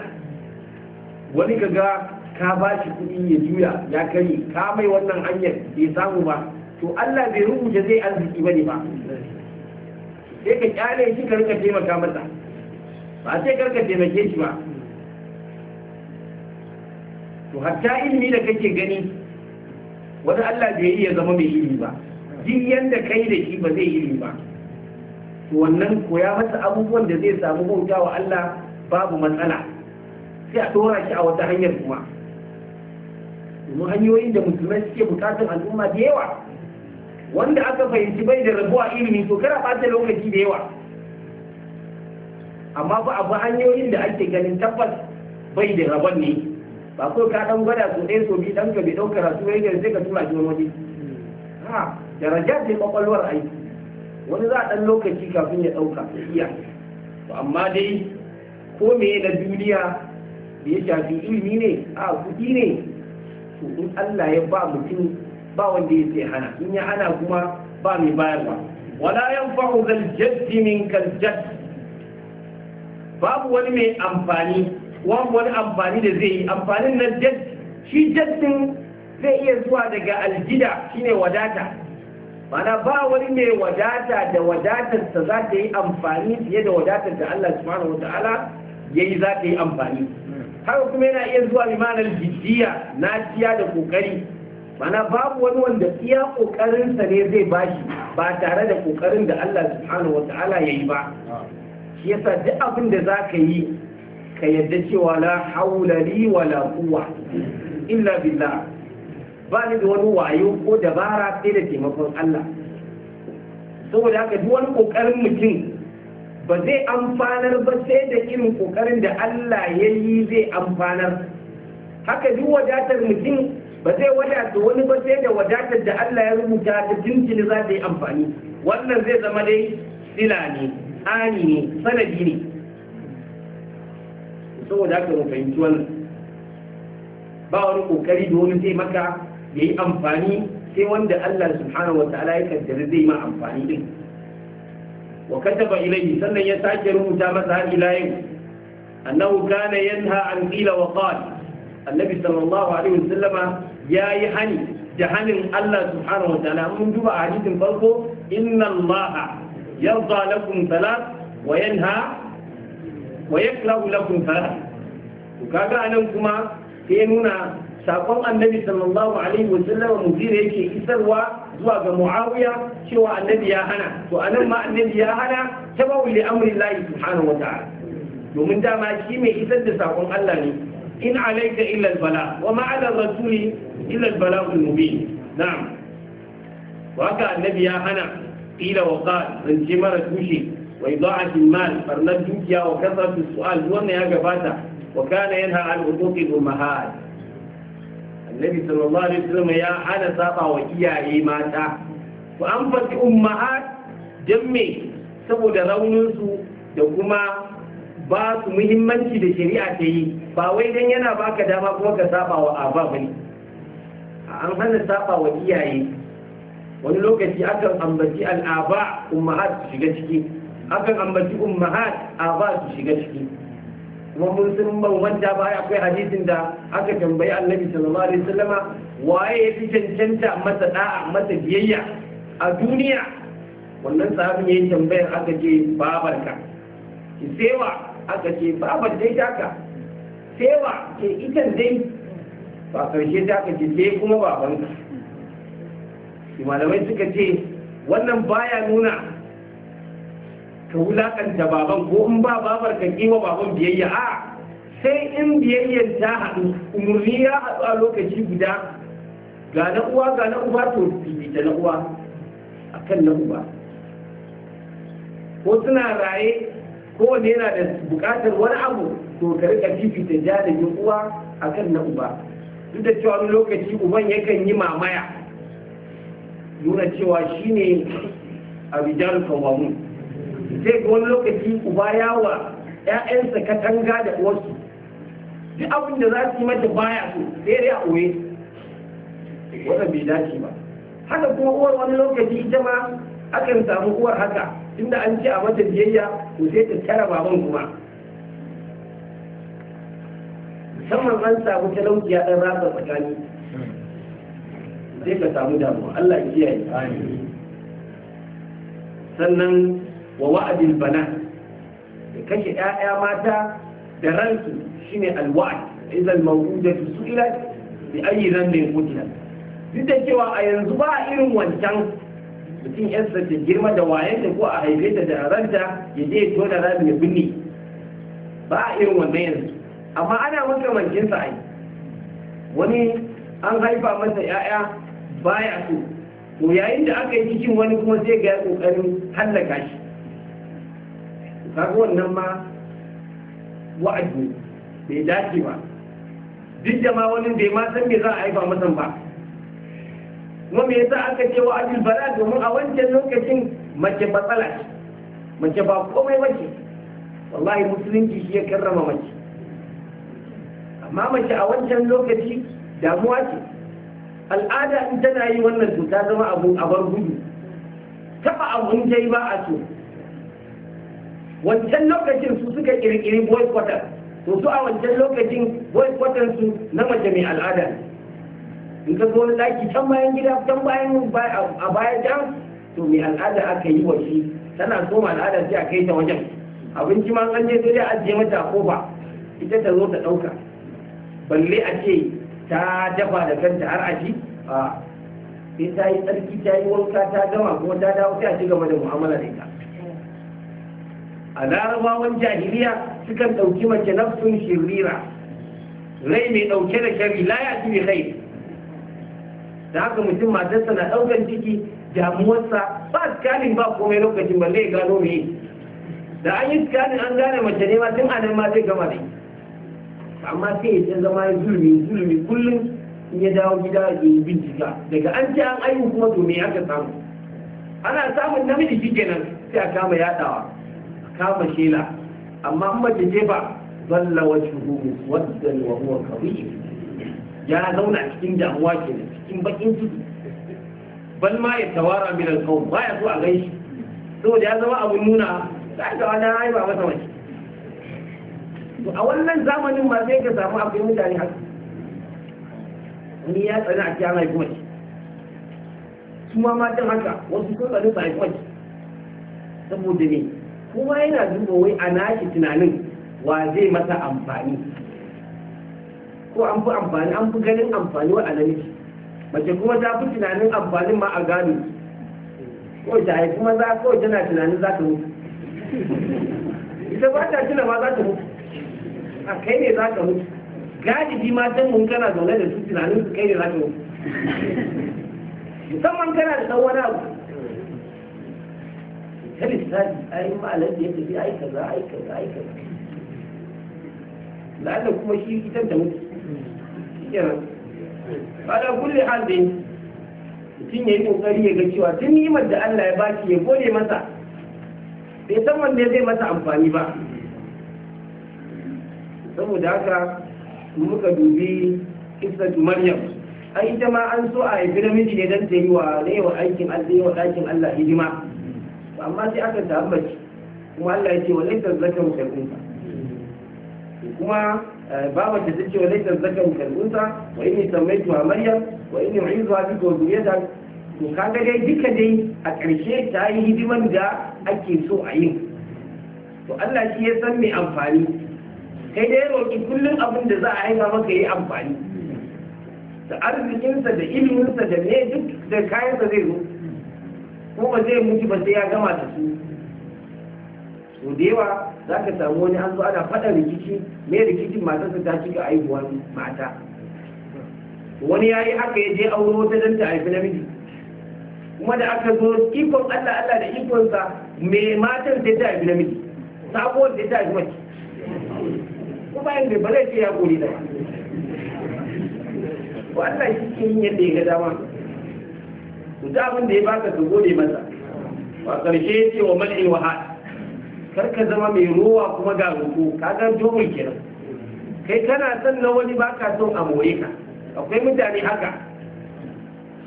wani ka ga ka ba shi kudi ya juya ya kari ka mai wannan hanyar bai samu ba to Allah bai rubuta zai arziki ba ne ba sai ka kyale shi ka rika taimaka masa ba sai ka rika taimake shi ba to hatta ilimi da kake gani wani Allah bai yi ya zama mai ilimi ba duk yanda kai da shi ba zai ilimi ba wannan koya masa abubuwan da zai samu bauta wa Allah babu matsala sai a dora shi a wata hanyar kuma domin hanyoyin da musulmai suke bukatun al'umma da yawa wanda aka fahimci bai da rabuwa ilimi to kara ɓata lokaci da yawa amma ba abu hanyoyin da ake ganin tabbas bai da rabon ne ba ko ka dan gwada su ɗaya so biyu dan ka bai ɗaukar rasu ya sai ka tura shi wani waje ha daraja ce kwakwalwar aiki wani za a ɗan lokaci kafin ya ɗauka iya to amma dai ko me na duniya da ya shafi ilimi ne a kuɗi ne to in Allah ya ba mutum ba wanda ya sai hana in ya hana kuma ba mai bayarwa wala yanfa'u zal jaddi min kal jadd babu wani mai amfani babu wani amfani da zai yi amfanin nan jaddi shi jaddin zai iya zuwa daga aljida shine wadata mana ba wani mai wadata da wadatarsa za ta yi amfani fiye da wadatar da Allah subhanahu wata'ala ya yi za ta yi amfani haka kuma yana iya zuwa limanar na jiya da kokari mana babu wani wanda iya kokarinsa ne zai bashi ba tare da kokarin da Allah subhanahu wata'ala ya yi ba shi yasa duk abin da za ka yi ka yadda cewa na haula li wala quwwa illa billah ba ni da wani wayo ko dabara sai da taimakon Allah saboda haka duk wani kokarin mutum ba zai amfanar ba sai da irin kokarin da Allah ya yi zai amfanar haka duk wadatar mutum ba zai wadata wani ba sai da wadatar da Allah ya rubuta ta tuntuni za ta yi amfani wannan zai zama dai sila ne tsani ne sanadi ne saboda haka mu fahimci wannan ba wani kokari da wani zai maka ya yi amfani sai wanda Allah subhanahu wa ta'ala ya kaddara zai ma amfani din wa kataba ilayhi sannan ya sake rubuta masa har ila yau annahu kana yanha an qila wa qala annabi sallallahu alaihi ya yi hani da hanin Allah subhanahu wa ta'ala mun duba a hadisin farko inna Allah yarda lakum salat wa yanha wa yakrahu lakum salat to kaga anan kuma sai nuna sakon annabi sallallahu alaihi wa sallam muzira yake isarwa zuwa ga muawiya cewa annabi ya hana to anan ma annabi ya hana tabawu li amri llahi subhanahu wa ta'ala domin dama shi mai isar da sakon Allah ne in alayka illa al-bala wa ma ala rasuli illa al-bala al-mubin na'am wa haka annabi ya hana qila wa qal zance mara tushe wa ida'ati mal farnar dukiya wa kasratu su'al wannan ya gabata wa kana yanha an utuqi al-ummahat nabi sallallahu alaihi wasallam ya hana saba wa iyaye mata ku an fati ummahat dan saboda raunin su da kuma ba su muhimmanci da shari'a ta yi ba wai dan yana baka dama kuma ka saba wa abba bane an hana saba wa iyaye wani lokaci akan ambaci Al-Aba ummahat su shiga ciki akan ambaci ummahat aba su shiga ciki kuma mun sun ban ba baya akwai hadisin da aka tambayi annabi sallallahu alaihi wasallama waye ya fi cancanta masa da'a masa biyayya a duniya wannan sahabin yayin tambayar aka ce babarka ki sewa aka ce babar dai taka sewa ke itan dai ba karshe ta aka ce sai kuma babanka malamai suka ce wannan baya nuna ka wulaƙanta baban ko in ba babar ka kiwa baban biyayya a sai in biyayyar ta haɗu umarni ya haɗu a lokaci guda ga na uwa ga na uba to bibita na uwa akan na uba ko suna raye ko kowane yana da buƙatar wani abu to ka rika fifita jadajin uwa akan na uba duk da cewa lokaci uban yakan yi mamaya nuna cewa shine a rijal kawamun zai ga wani lokaci uba wa ‘ya'yansa katanga da uwarsu duk abin da za su yi mata baya su, sai dai a ɓoye wannan bai dace ba haka kuma uwar wani lokaci ita ma akan samu uwar haka inda an ce a mata biyayya ko sai ta tara baban kuma musamman an samu talauci ya ɗan ratsa tsakani sai ka samu damuwa Allah ya kiyaye sannan wa wa'adil bana da kashe 'ya'ya mata da ransu shine alwa'ad idan mawudatu su'ilat da ayi dhanbin qutilat duk da cewa a yanzu ba irin wancan mutum yarsa ta girma da da ko a haife ta da ranta ya je tona rami ya binne ba a irin wannan yanzu amma ana makamancin sa ai wani an haifa masa ya'ya baya so to yayin da aka yi cikin wani kuma sai ga ya kokarin hallaka shi kaga wannan ma da bai dace ba duk da ma wani bai ma san me za a haifa masa ba kuma me yasa aka ce wa'adul bala domin a wancan lokacin mace matsala ce mace ba komai bace wallahi musulunci shi ya karrama mace amma mace a wancan lokaci damuwa ce al'ada in tana yi wannan to ta zama abu a bar gudu taba abun jai ba a so wancan lokacin su suka kirkiri boy quarter to su a wancan lokacin boy quarter su na mace mai al'ada in ka zo daki can bayan gida can bayan a baya can to mai al'ada aka yi wa shi tana soma al'ada sai a kai ta wajen abinci ma an je sai a ajiye mata a kofa ita ta zo ta ɗauka balle a ce ta dafa da kanta har a ji a sai ta yi tsarki ta yi wanka ta gama kuma ta dawo sai a ci gaba da mu'amala da ita a larabawan jahiliya sukan ɗauki mace nafsun shirira rai mai ɗauke da shari la ya fi kai da haka mutum matarsa na ɗaukan ciki damuwarsa ba skalin ba komai lokacin ba zai gano mai da an yi skalin an gane mace ne ma tun anan ma zai gama ne amma sai ya zama ya zulmi zulmi kullum in ya dawo gida ya yi bincika daga an ce an aihu kuma domin me aka samu ana samun namiji shi kenan sai a kama yaɗawa kama kela amma in mace ce ba zalla wajhuhu waddan wa huwa kadhib ya zauna cikin damuwa ke da cikin bakin ciki bal ma ya tawara min al ba ya so a gaishe saboda ya zama abun nuna sai ga wani yi ba masa mace a wannan zamanin ma sai ka samu abin mutane haka wani ya tsani a cikin haifi mace kuma ma matan haka wasu sun tsani su haifi saboda ne kuma yana duba wai a nashi tunanin wa zai masa amfani ko an fi amfani an fi ganin amfani wa a namiji mace kuma ta fi tunanin amfanin ma a gano ko ta kuma za ko tana tunanin za ta mutu ita ba ta tuna ma za ta mutu a kai ne za ta mutu ma matan mun kana zaune da su tunanin su kai ne za ta mutu musamman kana da ɗan wani abu kan lissafi yi ma'alar da ya tafi ai kaza ai kaza ai kaza la'alla kuma shi ita da mutu ba da kulle hal dai ya yi kokari ya ga cewa tun yi da Allah ya baki ya gode masa bai san wanda zai masa amfani ba saboda haka muka dubi kissatu maryam ai ita ma an so a haifi namiji ne dan ta yi wa aikin Allah wa aikin Allah hidima amma sai aka samu mace kuma Allah ya ce wa laifin zakaru kal unsa kuma eh, baba da ce wa laifin zakaru kal unsa wa inni samaitu maryam wa inni uizuha bika wa dhurriyyatan to kaga dai duka dai a ƙarshe ta yi hidiman da ake so a yi to Allah shi ya san mai amfani kai dai roƙi kullum abin da za a haifa maka yi amfani da arzikinsa da ilminsa da ne duk da kayansa zai zo ko ba zai mutu ba sai ya gama da su so da yawa za ka samu wani an zo ana faɗa rikici mai rikicin su ta cika aihuwar mata wani ya yi haka ya je auro wata don ta haifi namiji kuma da aka zo ikon allah allah da sa mai matan da ta haifi namiji sabuwar da ta haifi mace kuma bayan ba zai ce ya kori da ba allah shi ke yin yadda ya ga dama to da abin da ya baka ka gode masa ba ƙarshe ce wa mal'il wa kar ka zama mai ruwa kuma ga roƙo ka ga dubul kiran kai kana son na wani baka son a more ka akwai mutane haka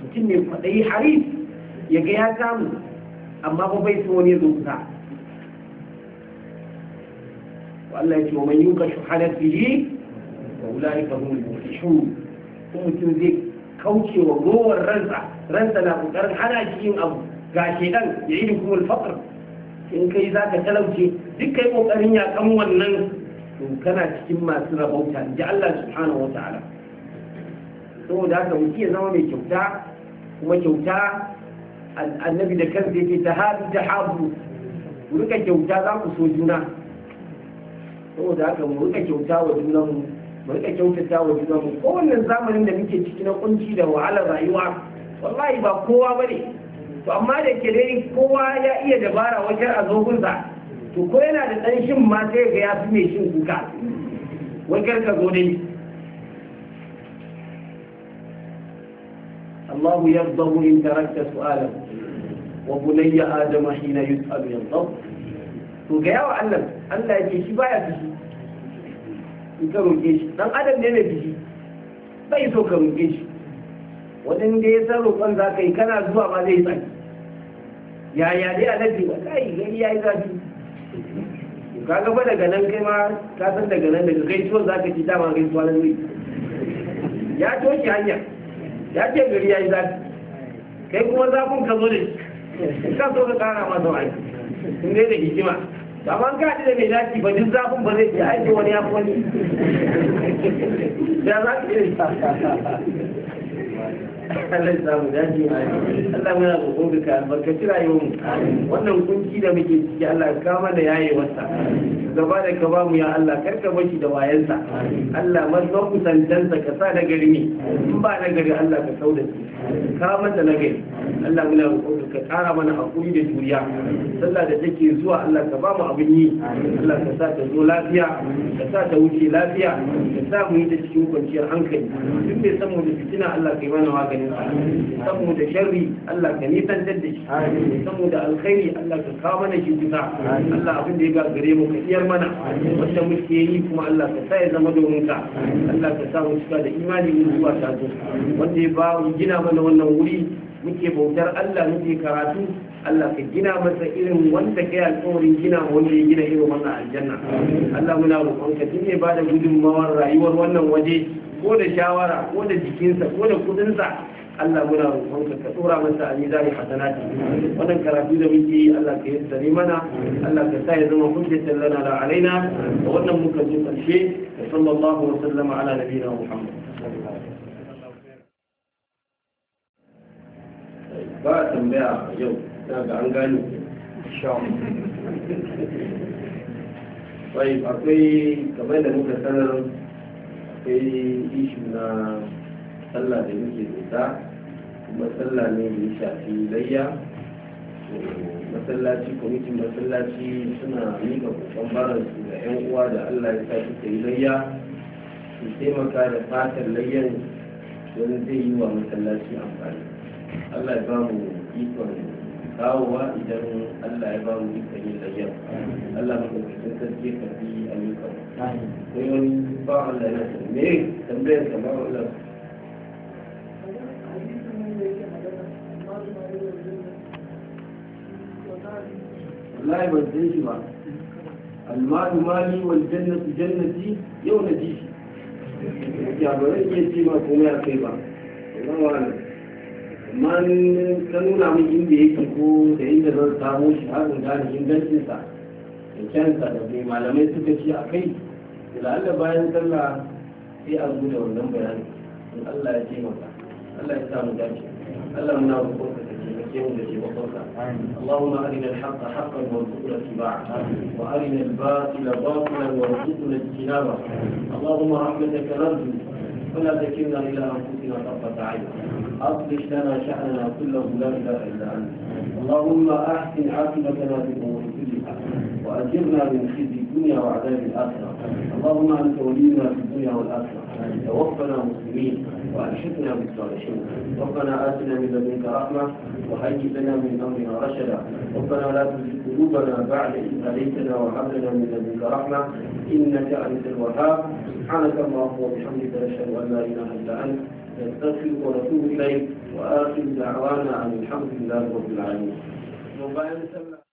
mutum mai kwaɗayi harif ya ga ya samu amma ba bai son wani zuwa Allah ya ce wa man yuka shuhalat bihi wa ba wula humul muflihun mutum zai kauce wa gowar ransa ransa na kokarin hana shi yin abu ga shedan ya yi kuma alfaqr in kai za ka talauce duk kai kokarin ya kan wannan to kana cikin masu rabauta ji Allah subhanahu Ta'ala. saboda haka mu ya zama mai kyauta kuma kyauta annabi da kansa yake ta hadu ku rika kyauta za ku so juna saboda haka mu rika kyauta wa junanmu mu rika kyautata wa juna mu kowannan zamanin da muke ciki na kunci da wahalar rayuwa wallahi ba kowa bane to amma da ke dai kowa ya iya dabara wajen a zogunsa to ko yana da ɗan shin ma sai ga ya fi mai shin kuka wajen ka zo dai الله يغضب إن تركت سؤاله وبني آدم حين يسأل يغضب to ga yawa Allah Allah yake shi baya fushi in ka roƙe shi dan adam ne mai biki bai so ka roƙe shi waɗanda da ya san roƙon za ka yi kana zuwa ma zai tsaki yaya dai a nafi ba kai gari ya yi zafi ka gaba daga nan kai ma ka san daga nan daga kai so za ka ci dama kai na zai ya toshi hanya ya ce gari ya yi zafi kai kuma zafin ka zo da shi ka so ka kara masa wani in dai da hikima kamar ka ji da mai daki ba duk zafin ba zai iya aiki wani ya wani da za ka iya Allah ya mu dace Allah muna roƙon ka albarkaci rayuwar mu wannan kunci da muke ciki Allah ka mana yaye wasa gaba da ka bamu ya Allah kar ka bashi da wayansa Allah mazan kusantansa ka sa da gari ne in ba na gari Allah ka sau sauda ka mata na gari Allah muna roƙon ka kara mana hakuri da juriya sallah da take zuwa Allah ka ba mu abin yi Allah ka sa ta zo lafiya ka sa ta wuce lafiya ka sa mu yi ta cikin kwanciyar hankali duk mai san mu da fitina Allah ka yi mana maganin sa san mu da sharri Allah ka nisantar da shi san mu da alkhairi Allah ka kawo mana shi kusa Allah abin da ya gagare mu ka iyar mana wanda muke yi kuma Allah ka sa ya zama domin ka Allah ka sa mu cika da imani mu zuwa ta wanda ya ba gina mana wannan wuri muke bautar Allah muke karatu Allah ka gina masa irin wanda kai alƙawarin gina wanda ya gina irin wannan aljanna Allah muna roƙonka duk ne bada gudunmawar rayuwar wannan waje ko da shawara ko da jikinsa ko da kudinsa Allah muna roƙonka ka tsora masa alizari hasanati wannan karatu da muke yi Allah ka yassare mana Allah ka sa ya zama hujjatan lana da alaina da wannan muka zo ƙarshe sallallahu wa sallama ala nabiyina Muhammad ba a tambaya a yau ga an gano bai akwai kamar da muka sanar akwai ishu na sallah da muke nisa kuma sallah ne da ya shafi layya masallaci kwamitin masallaci suna mika kokan su ga 'yan uwa da allah ya sa suka yi layya su taimaka da fatan layyan wani zai yi wa masallaci amfani Allah ya ba mu ikon kawowa idan Allah ya ba mu ikon yin layyar Allah mu ɗauki sarki ka fi ayyukan sai wani ba Allah ya san me tambayar ka ba Allah wallahi ban zai shi ba almalu mali wal jannatu jannati yau na ji shi ya ba zan iya ce ma komai a kai ba wannan man ka nuna min inda yake ko da inda zan samu shi har in gane ingancinsa da kyansa da mai malamai suka ci a kai da la'alla bayan sallah sai a zo da wannan bayani in Allah ya taimaka Allah ya samu dace Allah muna roƙonka ka taimake mu da taimakonka Allahumma arina al-haqqa haqqan warzuqna ittiba'a wa arina al-batila batilan warzuqna ijtinaba Allahumma rahmataka narju ولا تكلنا إلى أنفسنا طرفة عين أصلح لنا شأننا كله لا إله إلا أنت اللهم أحسن عاقبتنا في الأمور كلها وأجرنا من خزي الدنيا وعذاب الآخرة اللهم أنت ولينا في الدنيا والآخرة توفنا مسلمين وأنشدنا بالصالحين ربنا آتنا من لدنك رحمة وهيئ لنا من أمرنا رشدا ربنا لا تزغ قلوبنا بعد إذ هديتنا وهب لنا من لدنك رحمة إنك أنت الوهاب سبحانك اللهم وبحمدك نشهد أن لا إله إلا أنت نستغفرك ونتوب إليك وآخر دعوانا أن الحمد لله رب العالمين